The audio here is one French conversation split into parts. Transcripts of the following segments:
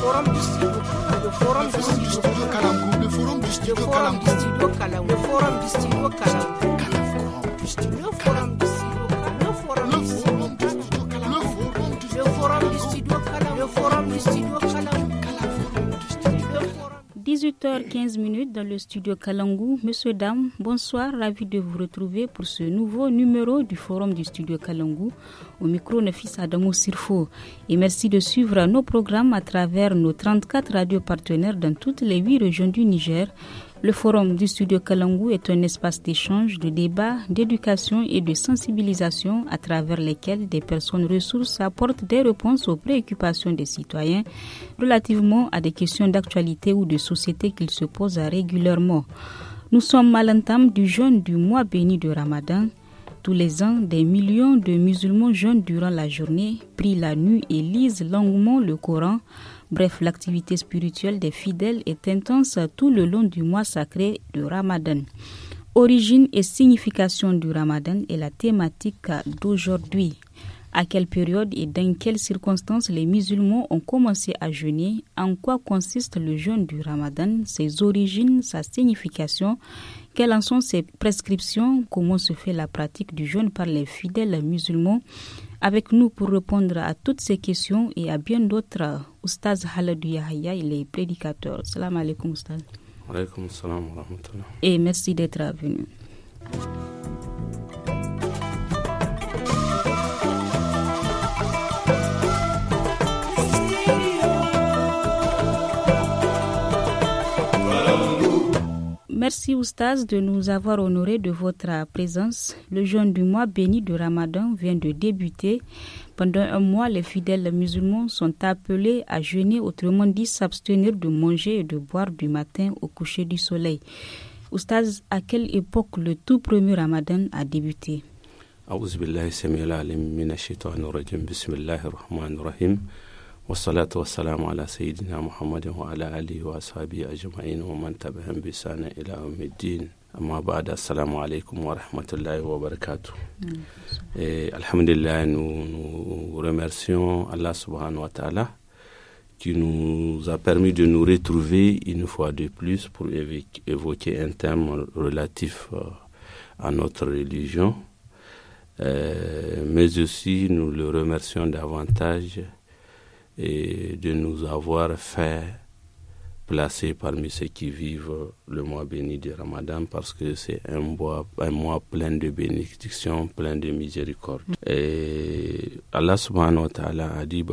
forum du le forum du le forum du le forum du le forum du 8 h 15 dans le studio Kalangou. Monsieur, dames, bonsoir, ravi de vous retrouver pour ce nouveau numéro du forum du studio Kalangou. Au micro, Nefis Adamo Sirfo. Et merci de suivre nos programmes à travers nos 34 radios partenaires dans toutes les 8 régions du Niger le forum du studio Kalangu est un espace d'échange, de débat, d'éducation et de sensibilisation à travers lesquels des personnes ressources apportent des réponses aux préoccupations des citoyens relativement à des questions d'actualité ou de société qu'ils se posent régulièrement. Nous sommes à l'entame du jeûne du mois béni de Ramadan. Tous les ans, des millions de musulmans jeûnent durant la journée, prient la nuit et lisent longuement le Coran Bref, l'activité spirituelle des fidèles est intense tout le long du mois sacré du Ramadan. Origine et signification du Ramadan est la thématique d'aujourd'hui. À quelle période et dans quelles circonstances les musulmans ont commencé à jeûner En quoi consiste le jeûne du Ramadan Ses origines, sa signification quelles en sont ces prescriptions Comment se fait la pratique du jeûne par les fidèles musulmans Avec nous pour répondre à toutes ces questions et à bien d'autres, Oustaz Haladou Yahya, il est prédicateur. Salam alaikum Oustaz. Alaikum salam wa Et merci d'être venu. Merci Oustaz de nous avoir honorés de votre présence. Le jeûne du mois béni de Ramadan vient de débuter. Pendant un mois, les fidèles musulmans sont appelés à jeûner, autrement dit s'abstenir de manger et de boire du matin au coucher du soleil. Oustaz, à quelle époque le tout premier Ramadan a débuté Wa wa والصلاة والسلام على سيدنا محمد وعلى آله ashabi أجمعين ومن man بإحسان إلى يوم الدين amma ba da assalamu alaykum wa rahmatullahi wa barakatuh. et eh, alhamdulillah nous, nous remercions Allah subhanahu wa ta'ala qui nous a permis de nous retrouver une fois de plus pour évoquer un thème relatif euh, à notre religion euh, mais aussi nous le remercions davantage et de nous avoir fait placer parmi ceux qui vivent le mois béni de Ramadan parce que c'est un mois, un mois plein de bénédictions, plein de miséricorde. Mm. Et Allah subhanahu wa ta'ala a dit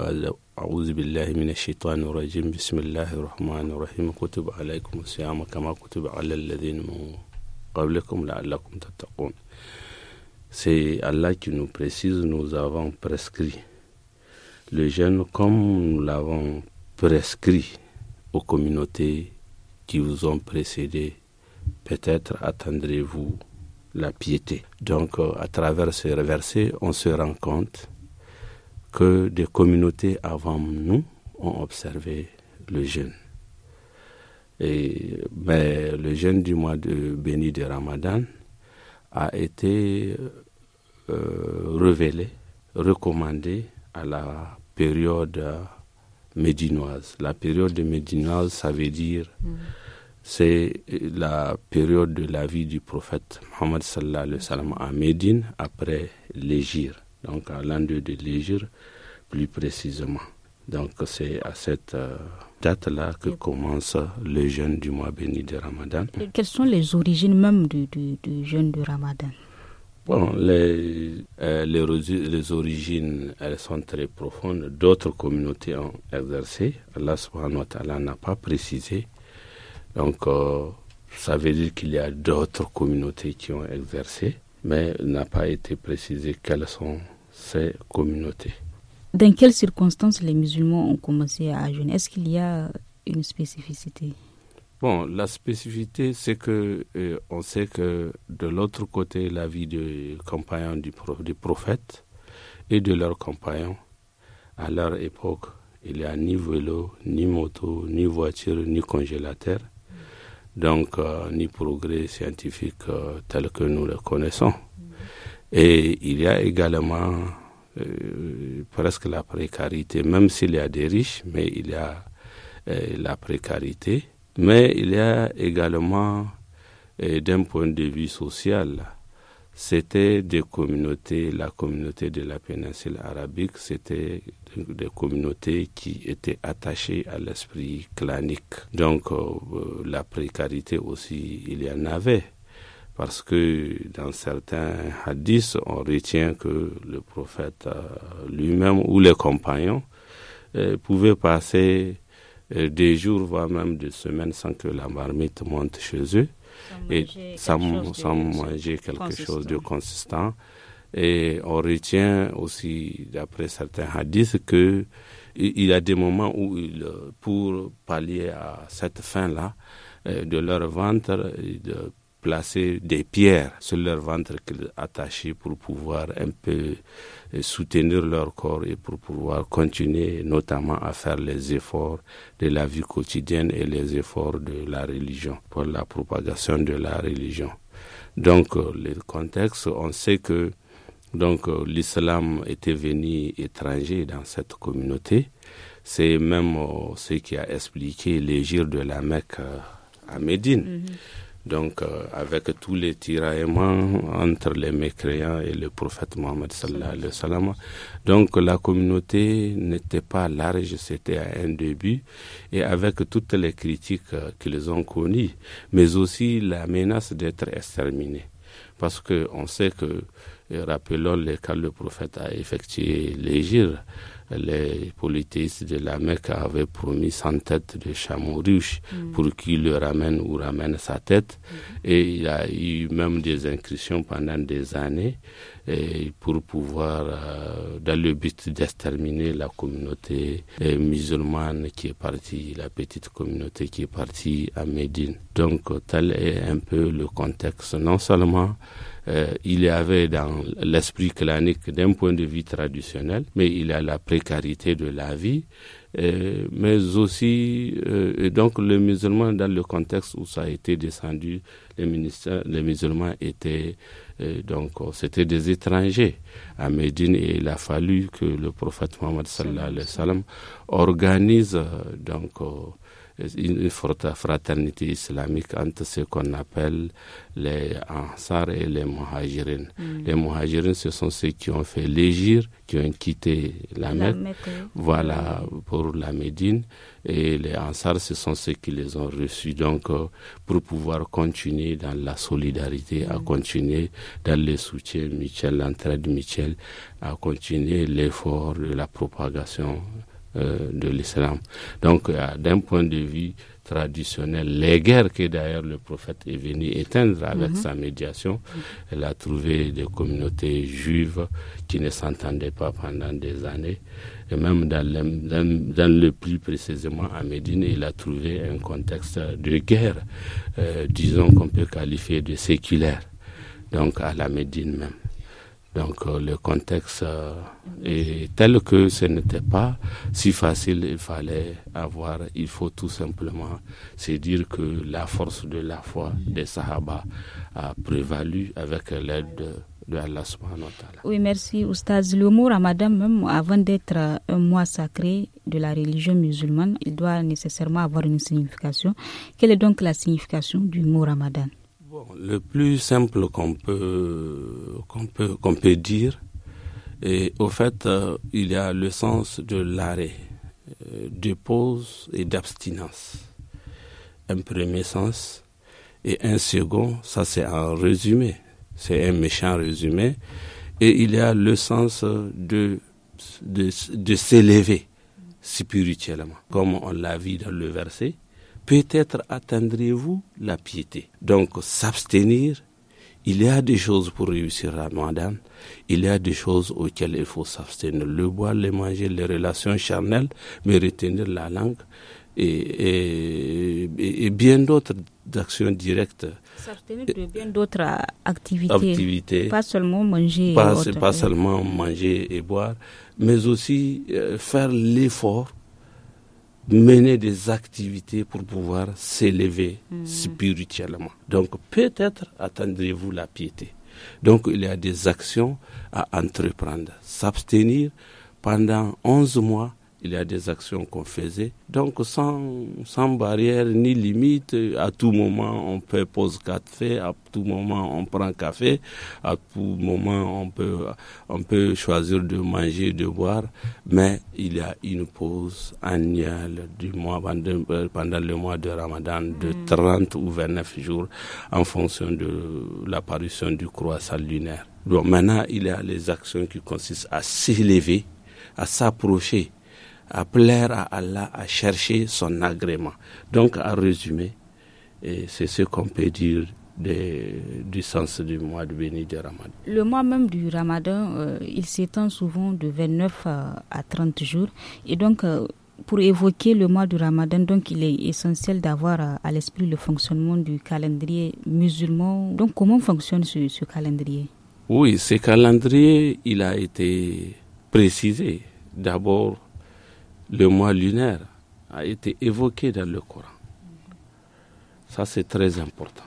أعوذ بالله من الشيطان الرجيم بسم الله الرحمن الرحيم كتب عليكم الصيام كما كتب على الذين من قبلكم لعلكم تتقون C'est Allah qui nous précise, nous avons prescrit le jeûne comme nous l'avons prescrit aux communautés qui vous ont précédé, peut-être attendrez-vous la piété. Donc euh, à travers ce verset, on se rend compte que des communautés avant nous ont observé le jeûne. Et, mais le jeûne du mois de béni de Ramadan a été euh, révélé, recommandé la période euh, médinoise. La période médinoise, ça veut dire, mm. c'est la période de la vie du prophète Mohammed sallallahu alayhi wa sallam à Médine après l'Égir, donc à l'an de l'Égir, plus précisément. Donc c'est à cette euh, date-là que commence le jeûne du mois béni de Ramadan. quelles sont les origines même du, du jeûne du Ramadan Bon, les, euh, les, origines, elles sont très profondes. D'autres communautés ont exercé. Allah subhanahu wa n'a pas précisé. Donc, euh, ça veut dire qu'il y a d'autres communautés qui ont exercé, mais n'a pas été précisé quelles sont ces communautés. Dans quelles circonstances les musulmans ont commencé à jeûner Est-ce qu'il y a une spécificité Bon, la spécificité, c'est que euh, on sait que de l'autre côté, la vie des compagnons du, prophète et de leurs compagnons, à leur époque, il n'y a ni vélo, ni moto, ni voiture, ni congélateur, donc euh, ni progrès scientifique euh, tel que nous le connaissons. Et il y a également presque la précarité, même s'il y a des riches, mais il y a la précarité mais il y a également, euh, d'un point de vue social, c'était des communautés, la communauté de la péninsule arabique, c'était des communautés qui étaient attachées à l'esprit clanique. Donc euh, euh, la précarité aussi, il y en avait. Parce que dans certains hadiths, on retient que le prophète lui-même ou les compagnons pouvaient passer euh, des jours, voire même des semaines sans que la marmite monte chez eux et sans, sans manger quelque chose de consistant. Et on retient aussi, d'après certains hadiths, que il y a des moments où, il pour pallier à cette faim-là, euh, de leur ventre, euh, de placer des pierres sur leur ventre attaché pour pouvoir un peu euh, soutenir leur corps et pour pouvoir continuer notamment à faire les efforts de la vie quotidienne et les efforts de la religion pour la propagation de la religion. Donc euh, le contexte, on sait que donc euh, l'islam était venu étranger dans cette communauté. C'est même ce qui a expliqué l'égir de la Mecque à Médine. Mm-hmm. Donc, euh, avec tous les tiraillements entre les mécréants et le prophète Mohammed sallallahu alayhi Donc, la communauté n'était pas large, c'était à un début, et avec toutes les critiques euh, qu'ils ont connues, mais aussi la menace d'être exterminés. Parce que on sait que, euh, rappelons les cas, le prophète a effectué l'égir les politistes de la Mecque avaient promis 100 têtes de chameaux riches mm. pour qu'il le ramène ou ramène sa tête. Mm. Et il y a eu même des inscriptions pendant des années et pour pouvoir, euh, dans le but d'exterminer la communauté euh, musulmane qui est partie, la petite communauté qui est partie à Médine. Donc tel est un peu le contexte, non seulement euh, il y avait dans l'esprit clanique d'un point de vue traditionnel, mais il y a la précarité de la vie, euh, mais aussi euh, donc le musulman dans le contexte où ça a été descendu, les, les musulmans étaient donc c'était des étrangers à Médine et il a fallu que le prophète Mohammed sallallahu alayhi wa sallam organise donc une forte fraternité islamique entre ce qu'on appelle les Ansar et les Muhajirin. Mm. Les Muhajirin, ce sont ceux qui ont fait l'égir, qui ont quitté la, Mecque, voilà, pour la Médine. Et les Ansar, ce sont ceux qui les ont reçus. Donc, euh, pour pouvoir continuer dans la solidarité, à mm. continuer dans le soutien mutuel, l'entraide Michel, à continuer l'effort de la propagation euh, de l'islam. Donc, euh, d'un point de vue traditionnel, les guerres que d'ailleurs le prophète est venu éteindre avec mhm. sa médiation, elle a trouvé des communautés juives qui ne s'entendaient pas pendant des années. Et même dans le, plus précisément à Médine, il a trouvé un contexte de guerre, euh, disons qu'on peut qualifier de séculaire, donc à la Médine même. Donc euh, le contexte euh, est tel que ce n'était pas si facile, il fallait avoir, il faut tout simplement se dire que la force de la foi des Sahaba a prévalu avec l'aide de Allah subhanahu Oui, merci Oustaz. Le mot Ramadan, même avant d'être euh, un mois sacré de la religion musulmane, il doit nécessairement avoir une signification. Quelle est donc la signification du mot Ramadan le plus simple qu'on peut, qu'on peut, qu'on peut dire, et au fait, euh, il y a le sens de l'arrêt, euh, de pause et d'abstinence. Un premier sens et un second, ça c'est un résumé, c'est un méchant résumé. Et il y a le sens de, de, de s'élever spirituellement, comme on l'a vu dans le verset peut-être atteindrez-vous la piété. Donc s'abstenir, il y a des choses pour réussir à Ramadan, il y a des choses auxquelles il faut s'abstenir. Le boire, le manger, les relations charnelles, mais retenir la langue et, et, bien d'autres actions directes. S'abstenir de bien d'autres activités, Pas seulement manger. et pas seulement manger et boire, mais aussi euh, faire l'effort mener des activités pour pouvoir s'élever hmm. spirituellement. Donc peut-être attendrez-vous la piété. Donc il y a des actions à entreprendre. S'abstenir pendant 11 mois il y a des actions qu'on faisait. Donc sans, sans barrière ni limite, à tout moment on peut poser café, à tout moment on prend café, à tout moment on peut, on peut choisir de manger, de boire, mais il y a une pause annuelle du mois, pendant euh, le mois de Ramadan de 30 mm. ou 29 jours en fonction de l'apparition du croissant lunaire. Donc maintenant, il y a les actions qui consistent à s'élever, à s'approcher à plaire à Allah, à chercher son agrément. Donc, à résumer, c'est ce qu'on peut dire du sens du mois de béni de Ramadan. Le mois même du Ramadan, euh, il s'étend souvent de 29 à, 30 jours. Et donc, euh, pour évoquer le mois du Ramadan, donc il est essentiel d'avoir euh, à, l'esprit le fonctionnement du calendrier musulman. Donc, comment fonctionne ce, ce calendrier Oui, ce calendrier, il a été précisé. D'abord, le mois lunaire a été évoqué dans le Coran. Ça, c'est très important.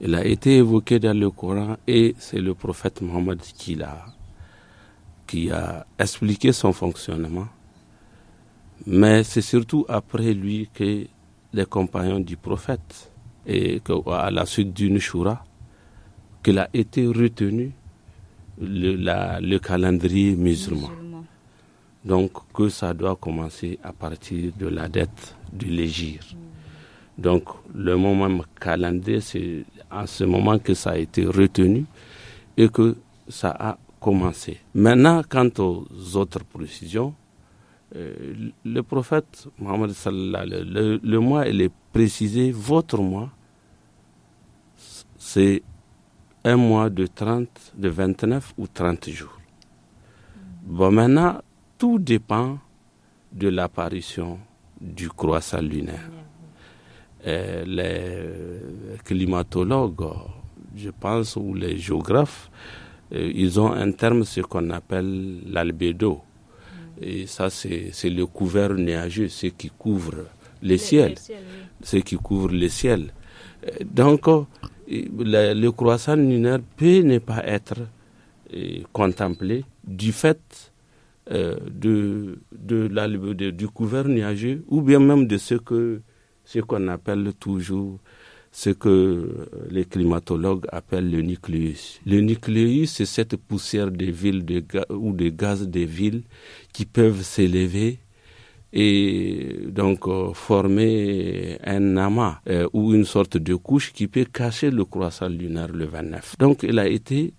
Il a été évoqué dans le Coran et c'est le prophète Mohammed qui l'a qui a expliqué son fonctionnement. Mais c'est surtout après lui que les compagnons du prophète et à la suite d'une choura qu'il a été retenu le calendrier musulman. Donc que ça doit commencer à partir de la dette du légir. Donc le moment calendrier, c'est à ce moment que ça a été retenu et que ça a commencé. Maintenant, quant aux autres précisions, euh, le prophète Mohammed le, le mois, il est précisé, votre mois, c'est un mois de 30, de 29 ou 30 jours. Bon, maintenant, tout dépend de l'apparition du croissant lunaire. Euh, les climatologues, je pense, ou les géographes, euh, ils ont un terme, ce qu'on appelle l'albédo. Et ça, c'est le couvert nuageux, ce qui couvre le, ciel. Ce qui couvre le ciel. Euh, donc, le croissant lunaire peut ne pas être contemplé du fait euh, de, de la, du couvert nuageux ou bien même de ce que ce qu'on appelle toujours ce que les climatologues appellent le nucléus. Le nucléus, c'est cette poussière des villes ou des gaz des villes qui peuvent s'élever et donc euh, former un amas euh, ou une sorte de couche qui peut cacher le croissant lunaire le 29. Donc il a été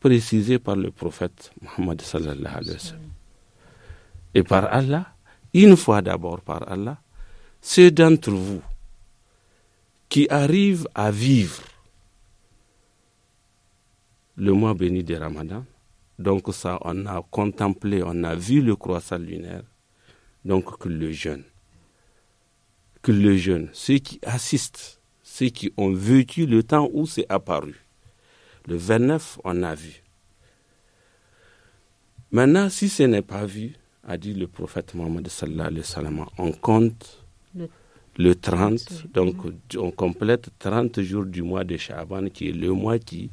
précisé par le prophète Mohammed sallallahu alayhi wa et par Allah, une fois d'abord par Allah, ceux d'entre vous qui arrivent à vivre le mois béni de Ramadan, donc ça, on a contemplé, on a vu le croissant lunaire, donc que le jeûne, que le jeûne, ceux qui assistent, ceux qui ont vécu le temps où c'est apparu. Le 29, on a vu. Maintenant, si ce n'est pas vu, a dit le prophète Mohammed sallallahu alayhi wa sallam, on compte le, 30, donc on complète 30 jours du mois de Shaban qui est le mois qui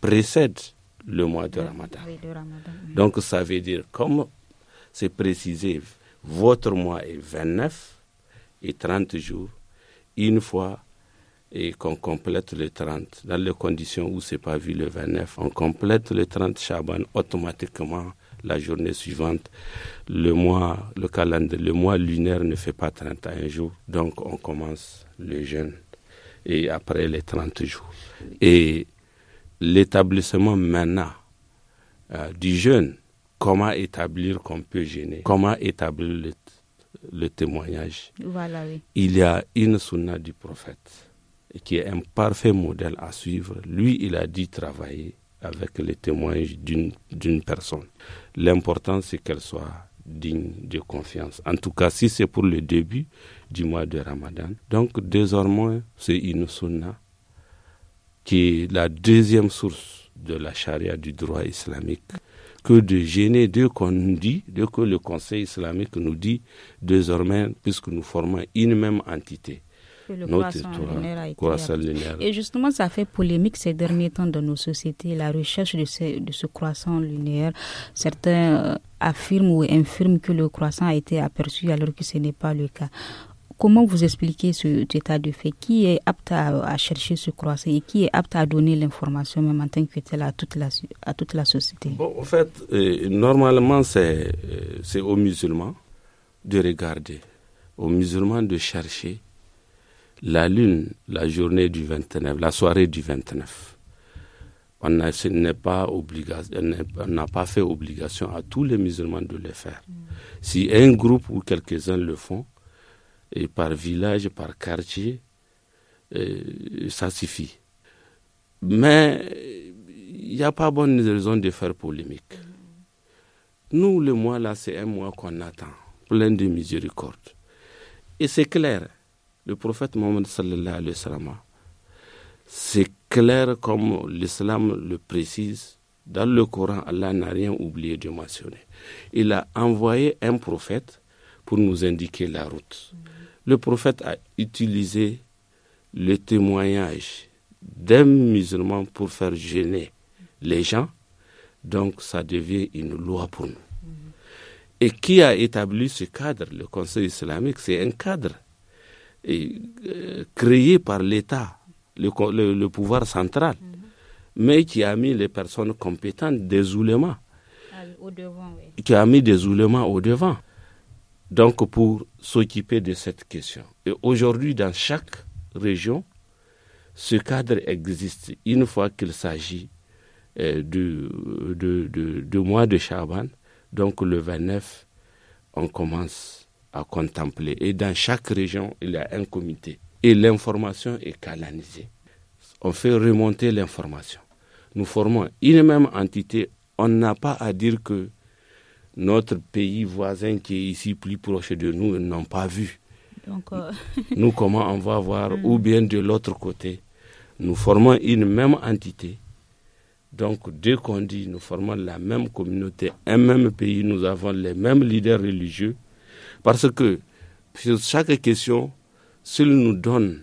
précède le mois de Ramadan. Donc ça veut dire, comme c'est précisé, votre mois est 29 et 30 jours, une fois et qu'on complète le 30, dans les conditions où ce n'est pas vu le 29, on complète le 30 Shaban, automatiquement la journée suivante. Le mois, le calendrier, le mois lunaire ne fait pas 31 jours, donc on commence le jeûne et après les 30 jours. Et l'établissement maintenant euh, du jeûne, comment établir qu'on peut jeûner, comment établir le, témoignage. Il y a une sunna du prophète qui est un parfait modèle à suivre. Lui, il a dit travailler avec les témoins d'une personne. L'important, c'est qu'elle soit digne de confiance. En tout cas, si c'est pour le début du mois de Ramadan. Donc, désormais, c'est une sunna qui est la deuxième source de la charia du droit islamique que de gêner dès qu'on nous dit, dès que le Conseil islamique nous dit, désormais, puisque nous formons une même entité, le croissant lunaire Et justement, ça fait polémique ces derniers temps dans nos sociétés, la recherche de ce, de ce croissant lunaire. Certains euh, affirment ou infirment que le croissant a été aperçu alors que ce n'est pas le cas. Comment vous expliquez cet état de fait Qui est apte à, chercher ce croissant et qui est apte à donner l'information même en tant que telle à toute la, à toute la société Bon, en fait, euh, normalement, c'est euh, c'est aux musulmans de regarder, aux musulmans de chercher la lune, la journée du 29, la soirée du 29. On n'a pas, n'a pas fait obligation à tous les musulmans de le faire. Mm. Si un groupe ou quelques-uns le font, et par village, par quartier, euh, ça suffit. Mais il n'y a pas bonne raison de faire polémique. Mm. Nous, le mois là, c'est un mois qu'on attend, plein de miséricorde. Et c'est clair, le prophète Mohammed sallallahu alayhi wa sallam, c'est clair comme l'islam le précise. Dans le Coran, Allah n'a rien oublié de mentionner. Il a envoyé un prophète pour nous indiquer la route. Le prophète a utilisé le témoignage d'un musulman pour faire gêner les gens. Donc ça devient une loi pour nous. Et qui a établi ce cadre Le Conseil islamique, c'est un cadre euh, créé par l'État, le, pouvoir central, mhm. mais qui a mis les personnes compétentes des Qui a mis des au devant. Donc, pour s'occuper de cette question. Et aujourd'hui, dans chaque région, ce cadre existe une fois qu'il s'agit euh, du, de, mois de Chaban. Donc, le 29, on commence à contempler. Et dans chaque région, il y a un comité. Et l'information est canalisée. On fait remonter l'information. Nous formons une même entité. On n'a pas à dire que notre pays voisin qui est ici plus proche de nous n'ont pas vu. Donc, euh, nous, comment on va voir, hmm. ou bien de l'autre côté, nous formons une même entité. Donc, dès qu'on dit nous formons la même communauté, un même pays, nous avons les mêmes leaders religieux, parce que sur chaque question, s'il nous donne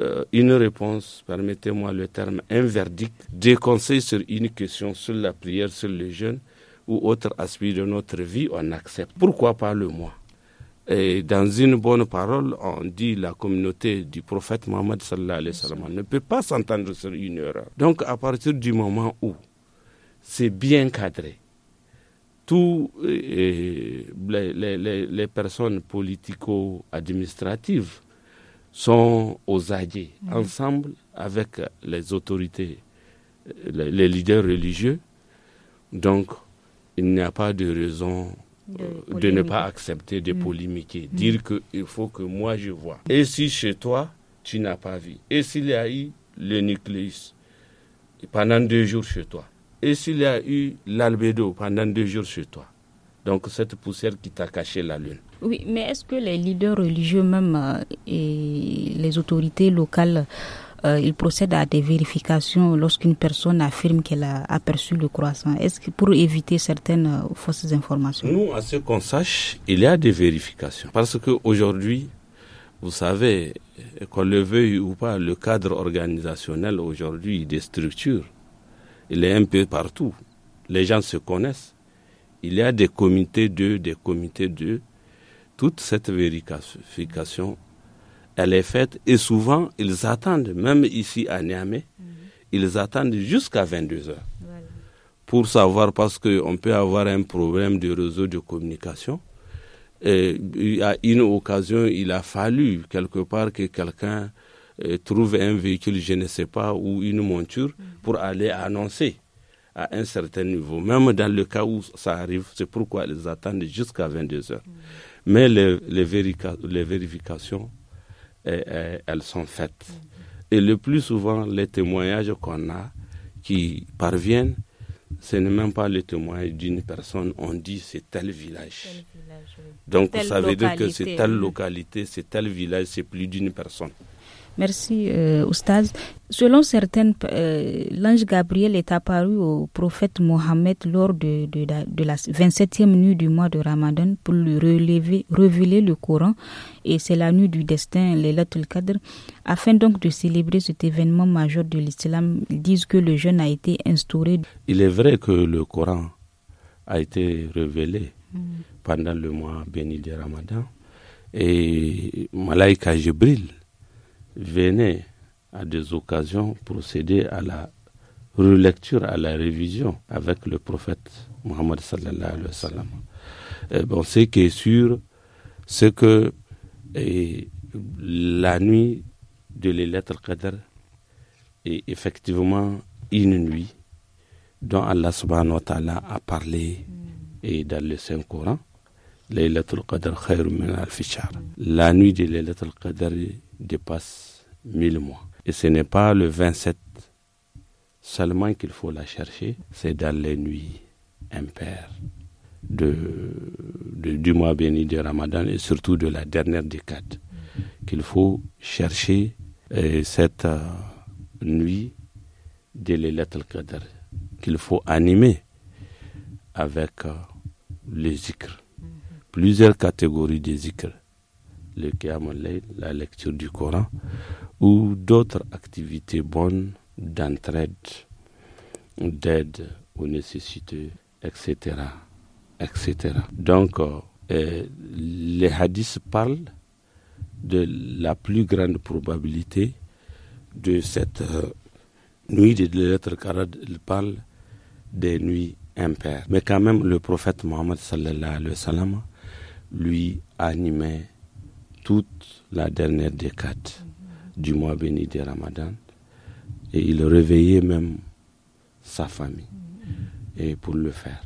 euh, une réponse, permettez-moi le terme, un verdict, des conseils sur une question, sur la prière, sur le jeunes ou autre aspect de notre vie, on accepte. Pourquoi pas le moi et dans une bonne parole, on dit la communauté du prophète Mohammed ne peut pas s'entendre sur une erreur. Donc à partir du moment où c'est bien cadré, toutes les, personnes politico-administratives sont aux alliés, mm. ensemble avec les autorités, les, leaders religieux. Donc, il n'y a pas de raison de, euh, ne pas accepter de mm. polémiquer, mm. dire qu'il faut que moi je vois. Et si chez toi, tu n'as pas vu, et s'il y a eu le nucléus pendant deux jours chez toi, et s'il y a eu l'albédo pendant deux jours sur toi. Donc cette poussière qui t'a caché la lune. Oui, mais est-ce que les leaders religieux même euh, et les autorités locales, euh, ils procèdent à des vérifications lorsqu'une personne affirme qu'elle a aperçu le croissant Est-ce que pour éviter certaines euh, fausses informations Nous, à ce qu'on sache, il y a des vérifications. Parce qu'aujourd'hui, vous savez, qu'on le veuille ou pas, le cadre organisationnel aujourd'hui des structures il est un peu partout. Les gens se connaissent. Il y a des comités d'eux, des comités d'eux. Toute cette vérification, elle est faite et souvent, ils attendent, même ici à Niamey, mhm. ils attendent jusqu'à 22 heures. Pour savoir, parce qu'on peut avoir un problème de réseau de communication. Et à une occasion, il a fallu quelque part que quelqu'un euh, trouver un véhicule, je ne sais pas, ou une monture pour aller annoncer à un certain niveau. Même dans le cas où ça arrive, c'est pourquoi ils attendent jusqu'à 22 heures. Mais les, les, vérifications, euh, euh, elles sont faites. Et le plus souvent, les témoignages qu'on a qui parviennent, ce n'est même pas le témoignage d'une personne, on dit c'est tel village. Donc ça veut dire que c'est telle localité, c'est tel village, c'est plus d'une personne. Merci, euh, Oustaz. Selon certaines, euh, l'ange Gabriel est apparu au prophète Mohammed lors de, la 27e nuit du mois de Ramadan pour lui révéler le Coran, et c'est la nuit du destin, lettres Qadr. Afin donc de célébrer cet événement majeur de l'islam, ils disent que le jeûne a été instauré. Il est vrai que le Coran a été révélé mm. pendant le mois béni de Ramadan, et Malaika Jibril venait à des occasions procéder à la relecture, à la révision avec le prophète Mohammed sallallahu alayhi wa sallam. bon, ce qui est sûr, c'est que et, la nuit de l'élève al-Qadr est effectivement une nuit dont Allah subhanahu wa ta'ala a parlé mm. et dans le Saint-Coran. La nuit de l'élève al-Qadr dépasse 1000 mois. Et ce n'est pas le 27 seulement qu'il faut la chercher, c'est dans les nuits impaires de, du mois béni de Ramadan et surtout de la dernière décade qu'il faut chercher euh, cette euh, nuit de les al qu'il faut animer avec euh, les zikr. Plusieurs catégories de zikr le la lecture du Coran, ou d'autres activités bonnes d'entraide, d'aide aux nécessités, etc. etc. Donc, euh, les hadiths parlent de la plus grande probabilité de cette euh, nuit de lettres carades Ils parle des nuits impaires. Mais quand même, le prophète Mohammed sallallahu alayhi wa lui animait toute la dernière décade du mois béni de Ramadan. Et il réveillait même sa famille et pour le faire.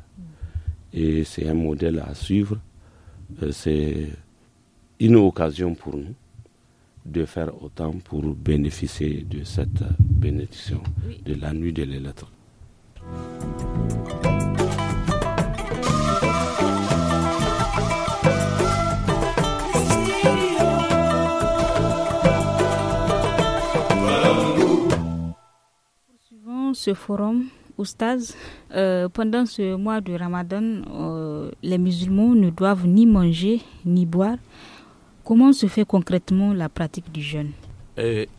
Et c'est un modèle à suivre. Euh, c'est une occasion pour nous de faire autant pour bénéficier de cette bénédiction de la nuit de lettres ce forum, Oustaz, euh, pendant ce mois de Ramadan, euh, les musulmans ne doivent ni manger ni boire. Comment se fait concrètement la pratique du jeûne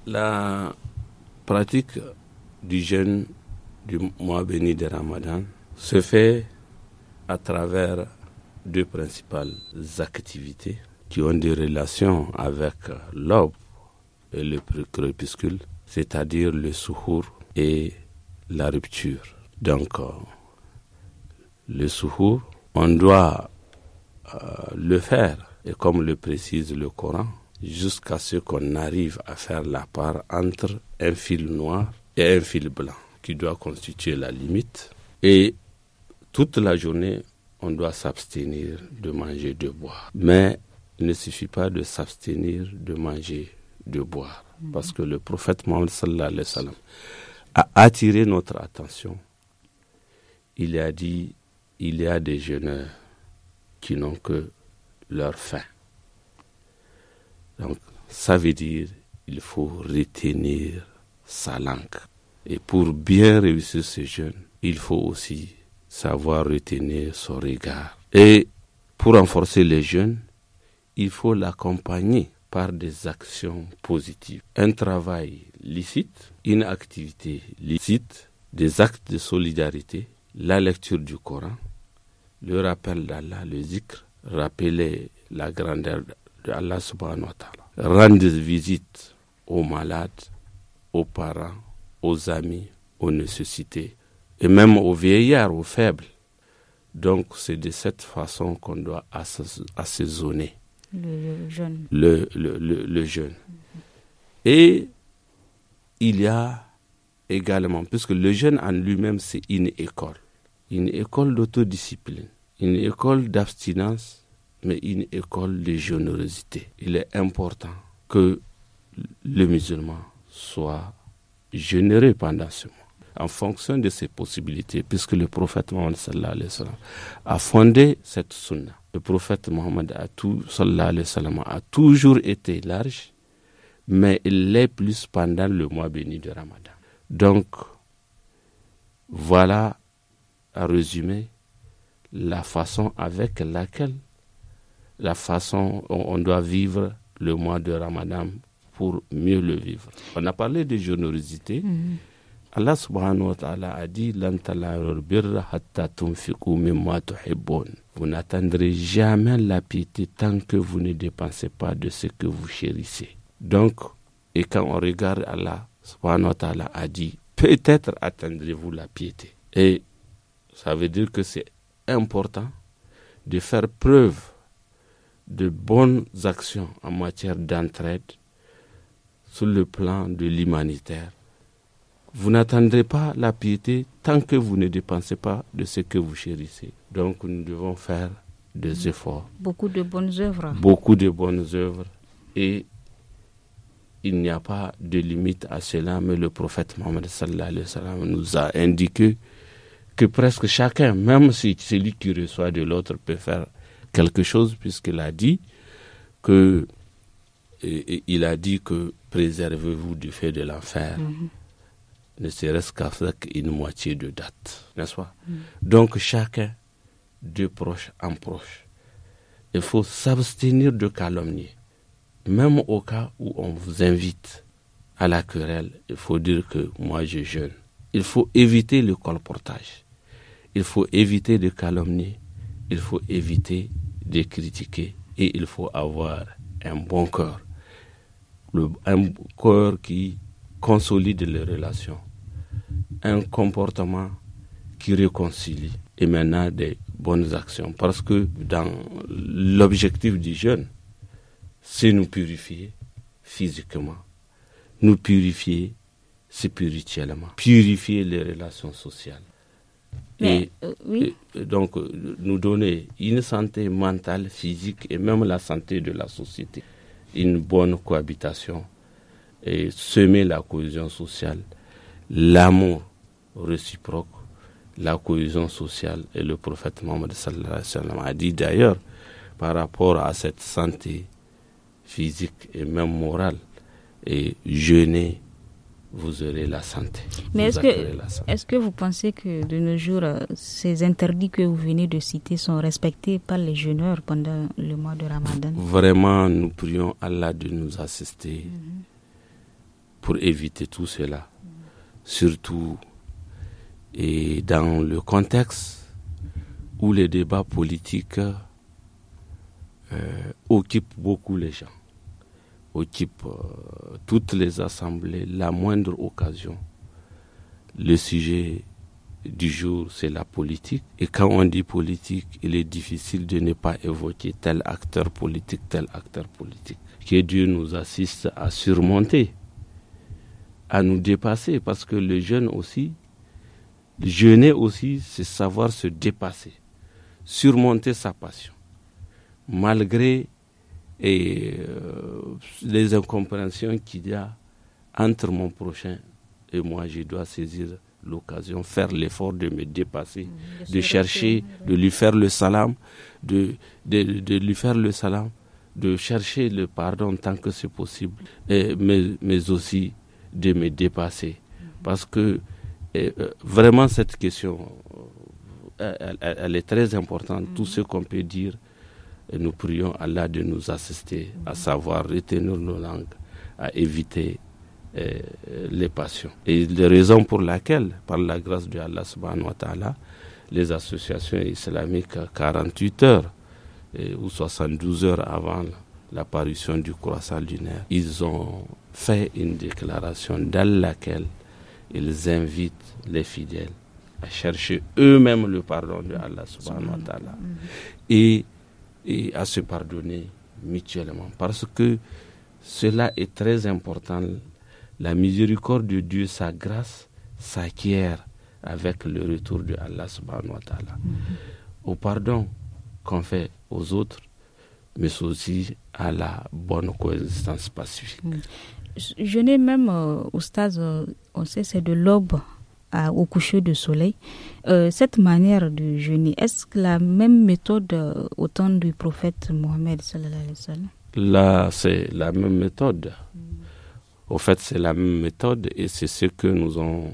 La pratique du jeûne du mois béni de Ramadan se fait à travers deux principales activités qui ont des relations avec l'aube et le crépuscule, c'est-à-dire le souhour et la rupture. Donc, le souhou, on doit euh, le faire, et comme le précise le Coran, jusqu'à ce qu'on arrive à faire la part entre un fil noir et un fil blanc, qui doit constituer la limite. Et toute la journée, on doit s'abstenir de manger, de boire. Mais il ne suffit pas de s'abstenir de manger, de boire. Parce que le prophète Mohammed sallallahu alayhi a attiré notre attention. Il a dit, il y a des jeunes qui n'ont que leur faim. Donc, ça veut dire, il faut retenir sa langue. Et pour bien réussir ces jeunes, il faut aussi savoir retenir son regard. Et pour renforcer les jeunes, il faut l'accompagner par des actions positives. Un travail licite, une activité licite, des actes de solidarité, la lecture du Coran, le rappel d'Allah, le zikr, rappeler la grandeur d'Allah subhanahu wa ta'ala. Rendre visite aux malades, aux parents, aux amis, aux nécessités et même aux vieillards, aux faibles. Donc c'est de cette façon qu'on doit assaisonner le, jeune. Le, le, jeune. Et il y a également, puisque le jeune en lui-même, c'est une école. Une école d'autodiscipline, une école d'abstinence, mais une école de générosité. Il est important que le musulman soit généreux pendant ce mois en fonction de ses possibilités, puisque le prophète Mohammed alayhi a fondé cette sunna. Le prophète Mohammed a, tout, alayhi a toujours été large, mais il l'est plus pendant le mois béni de Ramadan. Donc, voilà, à résumer, la façon avec laquelle, la façon on doit vivre le mois de Ramadan pour mieux le vivre. On a parlé de générosité. Mm-hmm. Allah subhanahu wa ta'ala a dit Vous n'attendrez jamais la piété tant que vous ne dépensez pas de ce que vous chérissez. Donc, et quand on regarde Allah subhanahu wa ta'ala a dit Peut-être attendrez vous la piété. Et ça veut dire que c'est important de faire preuve de bonnes actions en matière d'entraide sur le plan de l'humanitaire vous n'attendrez pas la piété tant que vous ne dépensez pas de ce que vous chérissez. Donc nous devons faire des mm. efforts. Beaucoup de bonnes œuvres. Beaucoup de bonnes œuvres. Et il n'y a pas de limite à cela, mais le prophète Mohammed nous a indiqué que presque chacun, même si celui qui reçoit de l'autre peut faire quelque chose, puisqu'il a dit que il a dit que préservez-vous du fait de l'enfer. Mm-hmm ne serait-ce qu'avec une moitié de date, n'est-ce pas mm. Donc chacun, de proche en proche, il faut s'abstenir de calomnier. Même au cas où on vous invite à la querelle, il faut dire que moi je jeûne. Il faut éviter le colportage. Il faut éviter de calomnier. Il faut éviter de critiquer. Et il faut avoir un bon cœur. un cœur qui consolide les relations un comportement qui réconcilie et maintenant des bonnes actions. Parce que dans l'objectif du jeune c'est nous purifier physiquement, nous purifier spirituellement, purifier les relations sociales. Euh, et, donc, euh, nous donner une santé mentale, physique et même la santé de la société, une bonne cohabitation et semer la cohésion sociale, l'amour, réciproque, la cohésion sociale. Et le prophète Mohammed a dit d'ailleurs, par rapport à cette santé physique et même morale, et jeûner, vous aurez la santé. Mais est-ce que, vous pensez que de nos jours, euh, ces interdits que vous venez de citer sont respectés par les jeûneurs pendant le mois de Ramadan Vraiment, nous prions Allah de nous assister mhm. pour éviter tout cela. Surtout et dans le contexte où les débats politiques euh, occupent beaucoup les gens, occupent euh, toutes les assemblées, la moindre occasion, le sujet du jour, c'est la politique. Et quand on dit politique, il est difficile de ne pas évoquer tel acteur politique, tel acteur politique. Que Dieu nous assiste à surmonter, à nous dépasser, parce que les jeunes aussi, Jeûner aussi, c'est savoir se dépasser, surmonter sa passion, malgré et, euh, les incompréhensions qu'il y a entre mon prochain et moi. Je dois saisir l'occasion, faire l'effort de me dépasser, mmh, de, chercher, mmh, mmh. de lui faire le salam, de, de, lui faire le salam, de chercher le pardon tant que c'est possible, mais, mais aussi de me dépasser. Parce que et euh, vraiment, cette question, euh, elle, est très importante. Tout mhm. ce qu'on peut dire, nous prions Allah de nous assister, à mhm. savoir retenir nos langues, à éviter euh, les passions. Et les raisons pour lesquelles, par la grâce de Allah subhanahu wa ta'ala, les associations islamiques, 48 heures ou 72 heures avant l'apparition du croissant lunaire, ils ont fait une déclaration dans laquelle ils invitent les fidèles à chercher eux-mêmes le pardon de Allah subhanahu wa ta'ala mm-hmm. et, et à se pardonner mutuellement. Parce que cela est très important. La miséricorde de Dieu, sa grâce s'acquiert avec le retour de Allah subhanahu wa ta'ala. Mm-hmm. Au pardon qu'on fait aux autres, mais aussi à la bonne coexistence pacifique. Mm jeûner même euh, au stade, euh, on sait, c'est de l'aube au coucher du soleil. Euh, cette manière de jeûner, est-ce la même méthode au temps du prophète Mohamed Là, c'est la même méthode. Au fait, c'est la même méthode et c'est ce que nous ont,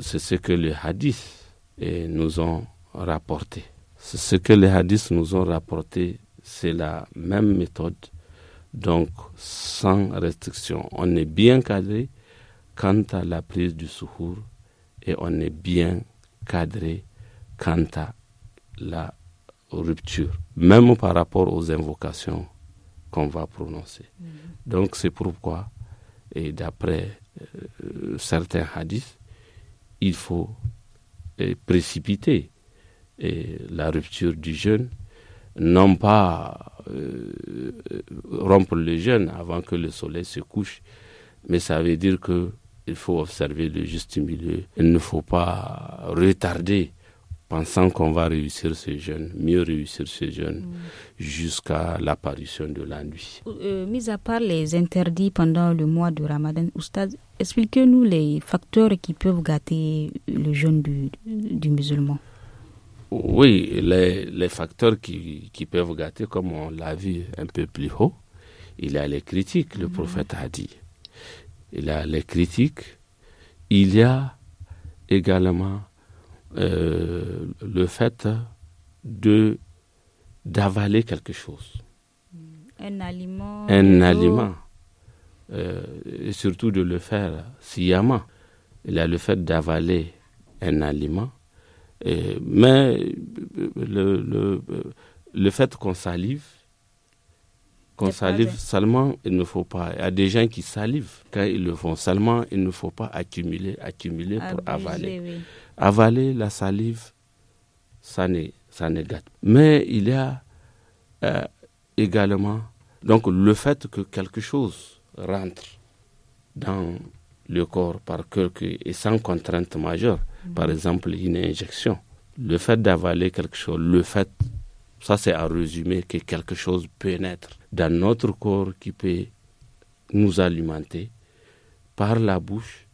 c'est ce que les hadiths nous ont rapporté. Ce que les hadiths nous ont rapporté, c'est la même méthode donc, sans restriction, on est bien cadré quant à la prise du souhour et on est bien cadré quant à la rupture, même par rapport aux invocations qu'on va prononcer. Mm-hmm. Donc, c'est pourquoi, et d'après euh, certains hadiths, il faut précipiter la rupture du jeûne non pas euh, rompre le jeûne avant que le soleil se couche, mais ça veut dire qu'il faut observer le juste milieu. Il ne faut pas retarder pensant qu'on va réussir ce jeûne, mieux réussir ce jeûne, mm. jusqu'à l'apparition de la nuit. Euh, mis à part les interdits pendant le mois de Ramadan, Oustad, expliquez-nous les facteurs qui peuvent gâter le jeûne du musulman. Oui, les, facteurs qui, peuvent gâter, comme on l'a vu un peu plus haut, il y a les critiques, le mm. prophète a dit. Il y a les critiques, il y a également euh, le fait de d'avaler quelque chose. Mm. Un aliment. Un aliment. Euh, et surtout de le faire sciemment. Il y a le fait d'avaler un aliment mais le, le, le fait qu'on salive, qu'on salive seulement, il ne faut pas. Il y a des gens qui salivent quand ils le font seulement, il ne faut pas accumuler, accumuler pour avaler. Avaler la salive, ça n'est ça gâte. Mais il y a euh, également donc le fait que quelque chose rentre dans le corps par cœur et sans contrainte majeure, par exemple, une injection. Le fait d'avaler quelque chose, le fait, ça c'est à résumer que quelque chose peut naître dans notre corps qui peut nous alimenter par la bouche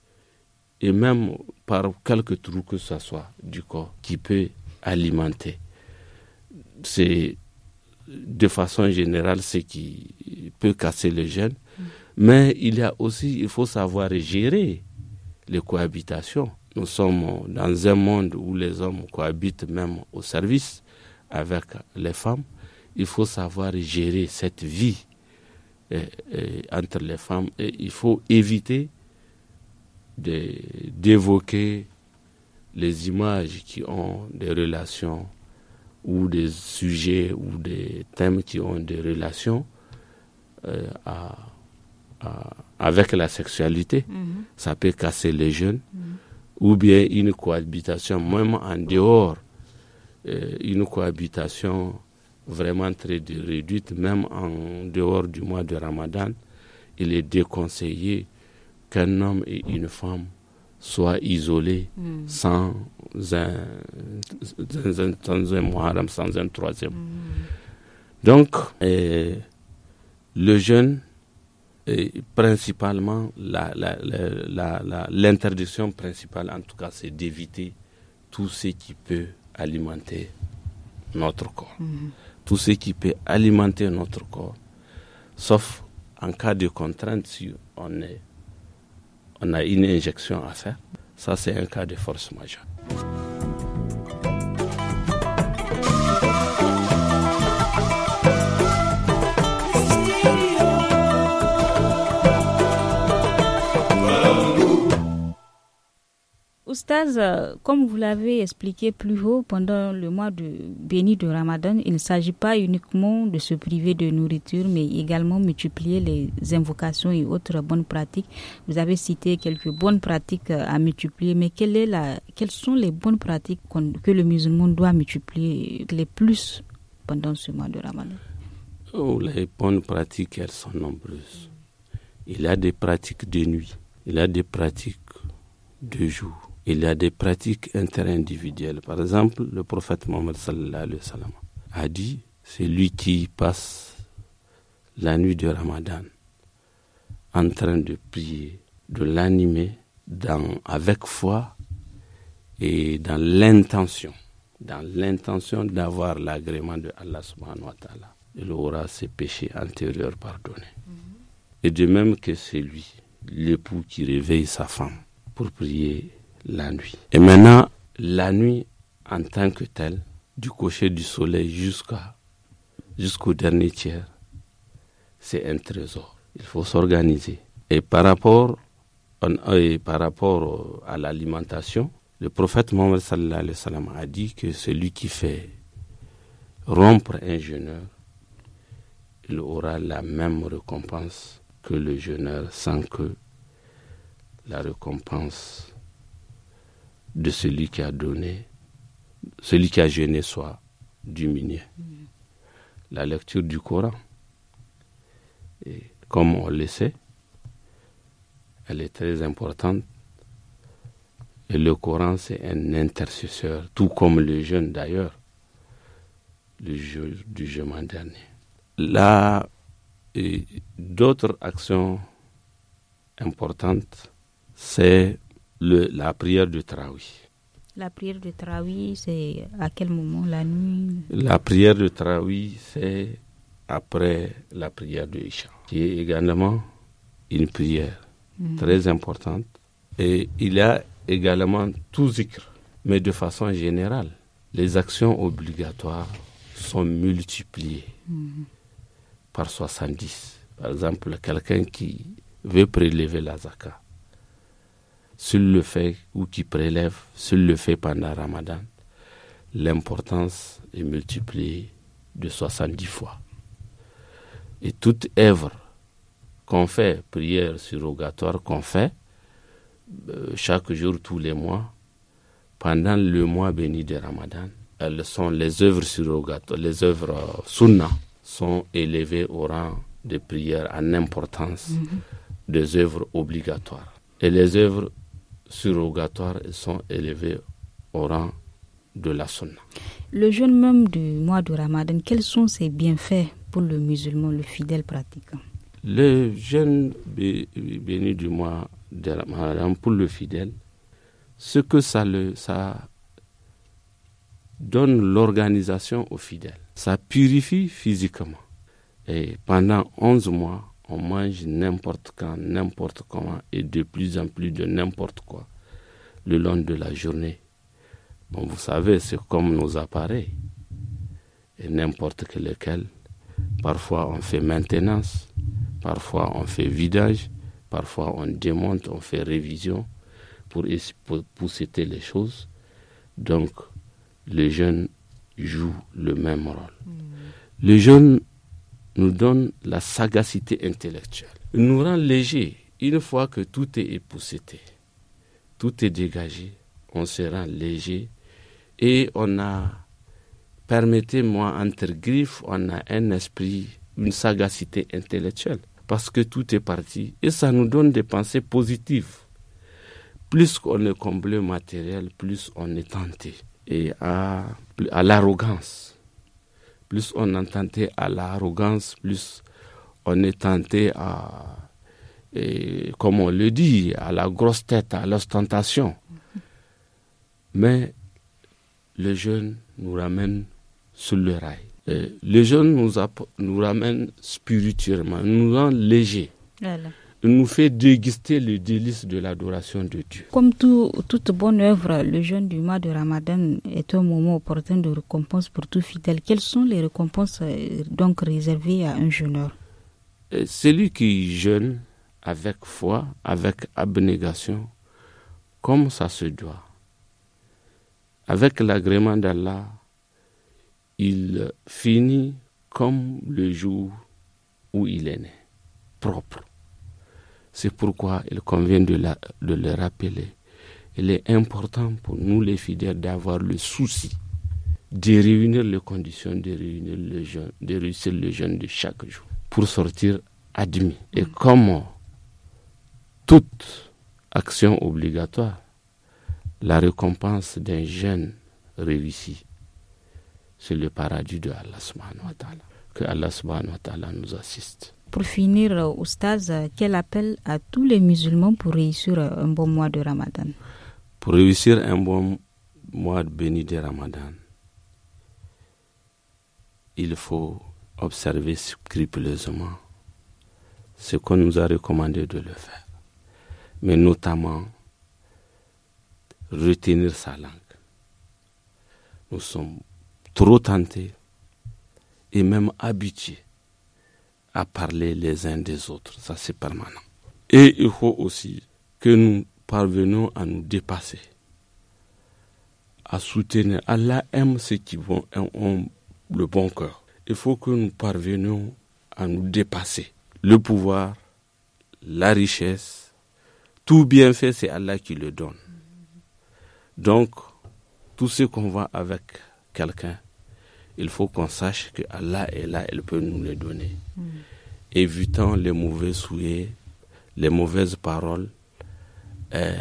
et même par quelques trous que ce soit du corps qui peut alimenter. C'est de façon générale ce qui peut casser le jeûne. Mm. Mais il y a aussi, il faut savoir gérer les cohabitations. Nous sommes dans un monde où les hommes cohabitent même au service avec les femmes. Il faut savoir gérer cette vie eh, eh, entre les femmes et il faut éviter d'évoquer les images qui ont des relations ou des sujets ou des thèmes qui ont des relations euh, avec la sexualité. Mm-hmm. Ça peut casser les jeunes. Mm-hmm ou bien une cohabitation, même en dehors, euh, une cohabitation vraiment très réduite, même en dehors du mois de Ramadan, il est déconseillé qu'un homme et une femme soient isolés hmm. sans, un, sans, un, sans sans un troisième. Hmm. Donc, euh, le jeune et principalement, l'interdiction principale, en tout cas, c'est d'éviter tout ce qui peut alimenter notre corps. Mhm. Tout ce qui peut alimenter notre corps, sauf en cas de contrainte, si on a une injection à faire, ça c'est un cas de force majeure. Oustaz, euh, comme vous l'avez expliqué plus haut, pendant le mois de béni de Ramadan, il ne s'agit pas uniquement de se priver de nourriture, mais également multiplier les invocations et autres bonnes pratiques. Vous avez cité quelques bonnes pratiques euh, à multiplier, mais quelle est la, quelles sont les bonnes pratiques que le musulman doit multiplier les plus pendant ce mois de Ramadan oh, Les bonnes pratiques, elles sont nombreuses. Il y a des pratiques de nuit, il y a des pratiques de jour il y a des pratiques interindividuelles. Par exemple, le prophète Mohammed a dit c'est lui qui passe la nuit de Ramadan en train de prier, de l'animer avec foi et dans l'intention, dans l'intention d'avoir l'agrément de Allah subhanahu wa ta'ala. Il aura ses péchés antérieurs pardonnés. Mhm. Et de même que c'est lui, l'époux qui réveille sa femme pour prier la nuit. Et maintenant, la nuit en tant que telle, du cocher du soleil jusqu'au dernier tiers, c'est un trésor. Il faut s'organiser. Et par rapport, par rapport à l'alimentation, le prophète Mohammed a dit que celui qui fait rompre un jeûneur, il aura la même récompense que le jeûneur sans que la récompense de celui qui a donné, celui qui a gêné soit diminué. Mm. La lecture du Coran, comme on le sait, elle est très importante. Et le Coran, c'est un intercesseur, tout comme le jeûne d'ailleurs, le jour du jeûne dernier. Là, d'autres actions importantes, c'est la prière de Traoui. La prière de Traoui, c'est à quel moment La nuit La prière de Traoui, c'est après la prière de Isha, qui est également une prière mhm. très importante. Et il y a également tout zikr, mais de façon générale. Les actions obligatoires sont multipliées mhm. par 70. Par exemple, quelqu'un qui veut prélever la zakat, sur le fait ou qui prélève, sur le fait pendant Ramadan, l'importance est multipliée de 70 fois. Et toute œuvre qu'on fait, prière surrogatoire qu'on fait, euh, chaque jour, tous les mois, pendant le mois béni de Ramadan, elles sont les œuvres surrogatoires, les œuvres euh, sunna sont élevées au rang de prières en importance mhm. des œuvres obligatoires. Et les œuvres surrogatoires sont élevés au rang de la sunna. Le jeûne même du mois de Ramadan, quels sont ses bienfaits pour le musulman, le fidèle pratiquant Le jeûne béni du mois de Ramadan pour le fidèle, ce que ça, le, ça donne l'organisation au fidèle, ça purifie physiquement. Et pendant 11 mois, on mange n'importe quand, n'importe comment et de plus en plus de n'importe quoi le long de la journée. vous savez, c'est comme nos appareils et n'importe lequel. Parfois on fait maintenance, parfois on fait vidage, parfois on démonte, on fait révision pour, pousser les choses. Donc les jeunes jouent le même rôle. Hmm. Les jeunes nous donne la sagacité intellectuelle, il nous rend léger. Une fois que tout est épousseté, tout est dégagé, on se rend léger et on a, permettez-moi, entre griffes, on a un esprit, une sagacité intellectuelle, parce que tout est parti et ça nous donne des pensées positives. Plus qu'on est comblé matériel, plus on est tenté et à, à l'arrogance plus on est tenté à l'arrogance, plus on est tenté à, comme on le dit, à la grosse tête, à l'ostentation. Mais le jeune nous ramène sur le rail. le jeune nous, nous ramène spirituellement, nous rend léger nous fait déguster le délice de l'adoration de Dieu. Comme toute bonne œuvre, le jeûne du mois de Ramadan est un moment opportun de récompense pour tout fidèle. Quelles sont les récompenses euh, donc réservées à un jeûneur euh, Celui qui jeûne avec foi, avec abnégation, comme ça se doit. Avec l'agrément d'Allah, il finit comme le jour où il est né, propre. C'est pourquoi il convient de, le rappeler. Il est important pour nous les fidèles d'avoir le souci de réunir les conditions, de réunir de réussir les jeunes de chaque jour pour sortir admis. Et mm. comme toute action obligatoire, la récompense d'un jeune réussi, c'est le paradis de Allah subhanahu wa ta'ala. Que Allah subhanahu wa ta'ala nous assiste. Pour finir, euh, Oustaz, euh, quel appel à tous les musulmans pour réussir euh, un bon mois de Ramadan Pour réussir un bon mois béni de Ramadan, il faut observer scrupuleusement ce qu'on nous a recommandé de le faire, mais notamment retenir sa langue. Nous sommes trop tentés et même habitués à parler les uns des autres. Ça, c'est permanent. Et il faut aussi que nous parvenions à nous dépasser, à soutenir. Allah aime ceux qui ont le bon cœur. Il faut que nous parvenions à nous dépasser. Le pouvoir, la richesse, tout bienfait, c'est Allah qui le donne. Donc, tout ce qu'on voit avec quelqu'un, il faut qu'on sache que Allah est là, elle peut nous le donner. Évitons hmm. Évitant les mauvais souhaits, les mauvaises paroles euh,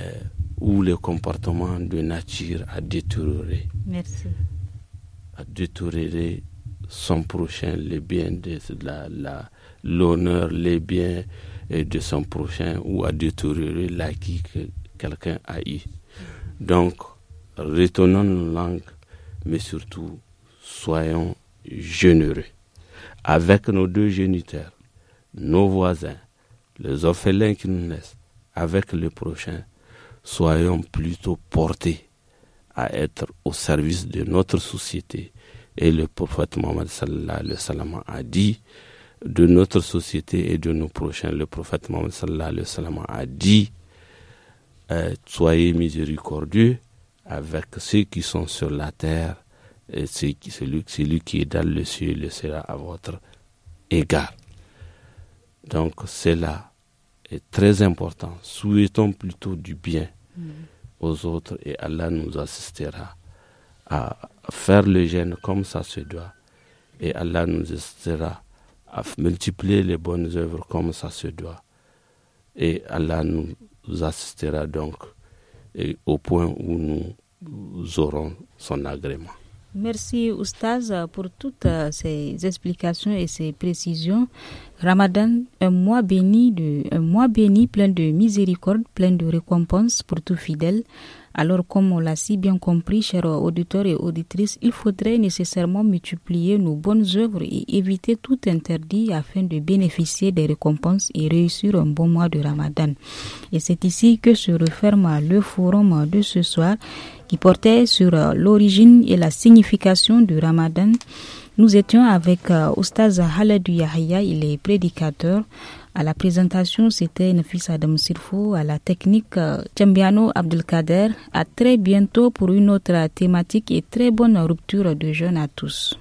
ou les comportements de nature à détériorer. Merci. À détériorer son prochain, les biens de l'honneur, la, les biens euh, de son prochain ou à détériorer l'acquis que quelqu'un a eu. Hmm. Donc, retenons nos langues, mais surtout soyons généreux avec nos deux géniteurs, nos voisins, les orphelins qui nous naissent, avec le prochain. Soyons plutôt portés à être au service de notre société. Et le prophète Mohammed sallallahu alayhi a dit de notre société et de nos prochains. Le prophète Mohammed sallallahu alayhi a dit euh, soyez miséricordieux avec ceux qui sont sur la terre et celui, qui est dans le ciel le sera à votre égard. Donc cela est très important. Souhaitons plutôt du bien mm. aux autres et Allah nous assistera à faire le jeûne comme ça se doit. Et Allah nous assistera à multiplier les bonnes œuvres comme ça se doit. Et Allah nous assistera donc au point où nous aurons son agrément. Merci Oustaz pour toutes euh, ces explications et ces précisions. Ramadan, un mois béni, de, un mois béni plein de miséricorde, plein de récompenses pour tout fidèle. Alors, comme on l'a si bien compris, chers auditeurs et auditrices, il faudrait nécessairement multiplier nos bonnes œuvres et éviter tout interdit afin de bénéficier des récompenses et réussir un bon mois de Ramadan. Et c'est ici que se referme le forum de ce soir qui portait sur euh, l'origine et la signification du ramadan. Nous étions avec euh, Oustaz Haladou Yahya, il est prédicateur. À la présentation, c'était Nafis Adam Sirfo, à la technique euh, Tchambiano Abdelkader. À très bientôt pour une autre thématique et très bonne rupture de jeunes à tous.